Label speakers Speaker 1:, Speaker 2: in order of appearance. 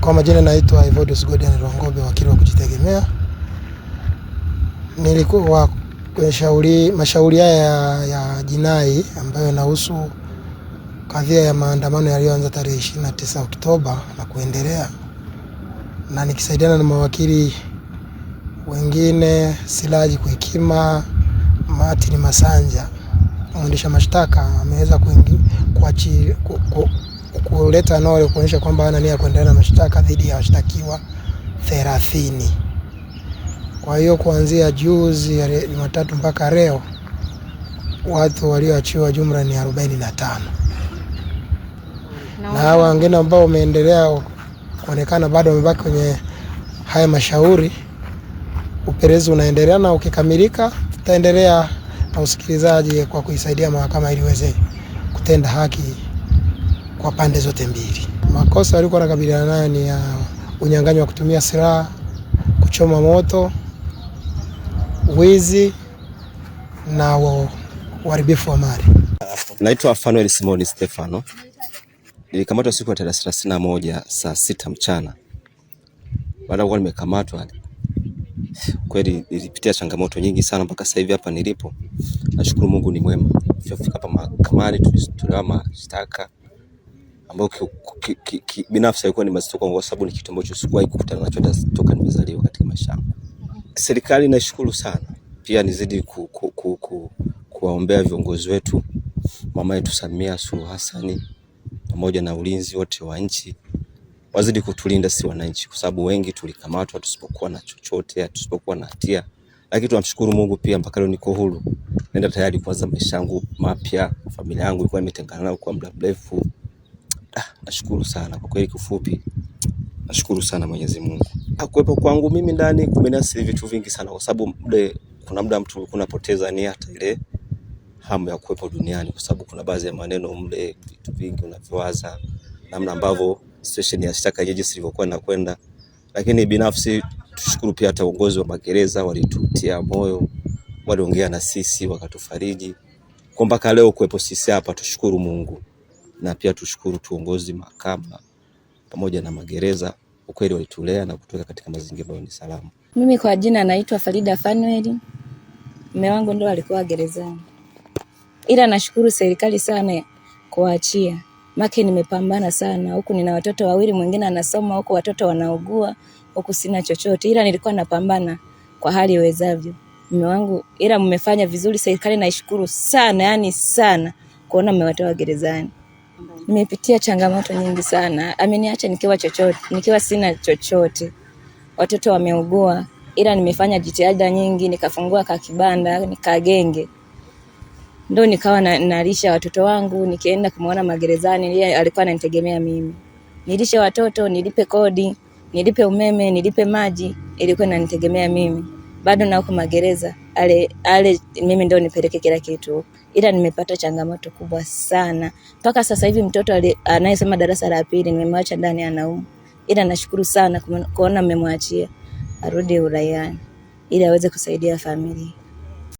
Speaker 1: Kwa majina naitwa Evodius Godian Rwangobe, wakili wa kujitegemea. Nilikuwa kwenye shauri mashauri haya ya, jinai ambayo yanahusu kadhia ya maandamano yaliyoanza tarehe 29 Oktoba na kuendelea, na nikisaidiana na mawakili wengine Siraji Kuikima, Martin Masanja, mwendesha mashtaka ameweza kuingia kuleta nole kuonyesha kwamba hana nia ya kuendelea na mashtaka dhidi ya washtakiwa 30. Kwa hiyo kuanzia juzi ya Jumatatu mpaka leo watu walioachiwa jumla ni 45 na hawa wengine ambao wameendelea kuonekana bado wamebaki kwenye haya mashauri, upelelezi unaendelea na ukikamilika, tutaendelea na usikilizaji kwa kuisaidia mahakama ili iweze kutenda haki kwa pande zote mbili. Makosa walikuwa wanakabiliana nayo ni ya unyang'anyi wa kutumia silaha, kuchoma moto, wizi na uharibifu wa mali.
Speaker 2: Naitwa Fanuel Simoni Stefano, nilikamatwa siku ya tarehe thelathini na moja saa sita mchana. Baada kuwa nimekamatwa, kweli nilipitia changamoto nyingi sana mpaka sasa hivi hapa nilipo. Nashukuru Mungu ni mwema. Tulifika hapa mahakamani, tuliwa mashtaka ambayo binafsi alikuwa ni mazito kwangu, kwa sababu ni kitu ambacho sikuwahi kukutana nacho toka nimezaliwa katika maisha yangu. Serikali naishukuru sana, pia nizidi ku, ku, ku, ku, kuwaombea viongozi wetu, mama yetu Samia Suluhu Hassan pamoja na ulinzi wote wa nchi wazidi kutulinda si wananchi, kwa sababu wengi tulikamatwa tusipokuwa na chochote, tusipokuwa na hatia, lakini tunamshukuru Mungu pia mpaka leo niko huru, nenda tayari kuanza maisha yangu mapya. Familia yangu ilikuwa imetengana nao kwa muda mrefu. Ah, nashukuru sana kwa kweli, kifupi nashukuru sana Mwenyezi Mungu. Ah, kuwepo kwangu mimi ndani kumenasiri vitu vingi sana, kwa sababu kuna muda mtu alikuwa anapoteza ni hata ile hamu ya kuwepo duniani, kwa sababu kuna baadhi ya maneno mle, vitu vingi unaviwaza, namna ambavyo station ya shtaka jinsi ilivyokuwa inakwenda. Lakini binafsi tushukuru pia hata uongozi wa magereza walitutia moyo, waliongea na sisi wakatufariji, kwa mpaka leo kuwepo sisi hapa, tushukuru Mungu na pia tushukuru tuongozi uongozi mahakama pamoja na magereza, ukweli walitulea na kutuweka katika mazingira ambayo ni salama.
Speaker 3: Mimi kwa jina naitwa Farida Fanuel, mume wangu ndo alikuwa gerezani, ila nashukuru serikali sana kuachia make, nimepambana sana huku, nina watoto wawili, mwingine anasoma huku, watoto wanaugua huku, sina chochote, ila nilikuwa napambana kwa hali iwezavyo mume wangu, ila mmefanya vizuri, serikali naishukuru sana, yani sana kuona mmewatoa gerezani. Nimepitia changamoto nyingi sana. Ameniacha nikiwa chochote, nikiwa sina chochote. Watoto wameugua, ila nimefanya jitihada nyingi, nikafungua kakibanda, nikagenge, ndo nikawa na, nalisha watoto wangu. Nikienda kumwona magerezani, yeye alikuwa ananitegemea mimi, nilishe watoto, nilipe kodi, nilipe umeme, nilipe maji, ilikuwa inanitegemea mimi. Bado na huko magereza ale, ale mimi ndo nipeleke kila kitu, ila nimepata changamoto kubwa sana. Mpaka sasa hivi mtoto anayesema darasa la pili nimemwacha ndani anaumu, ila nashukuru sana kuona mmemwachia arudi uraiani ili aweze kusaidia familia.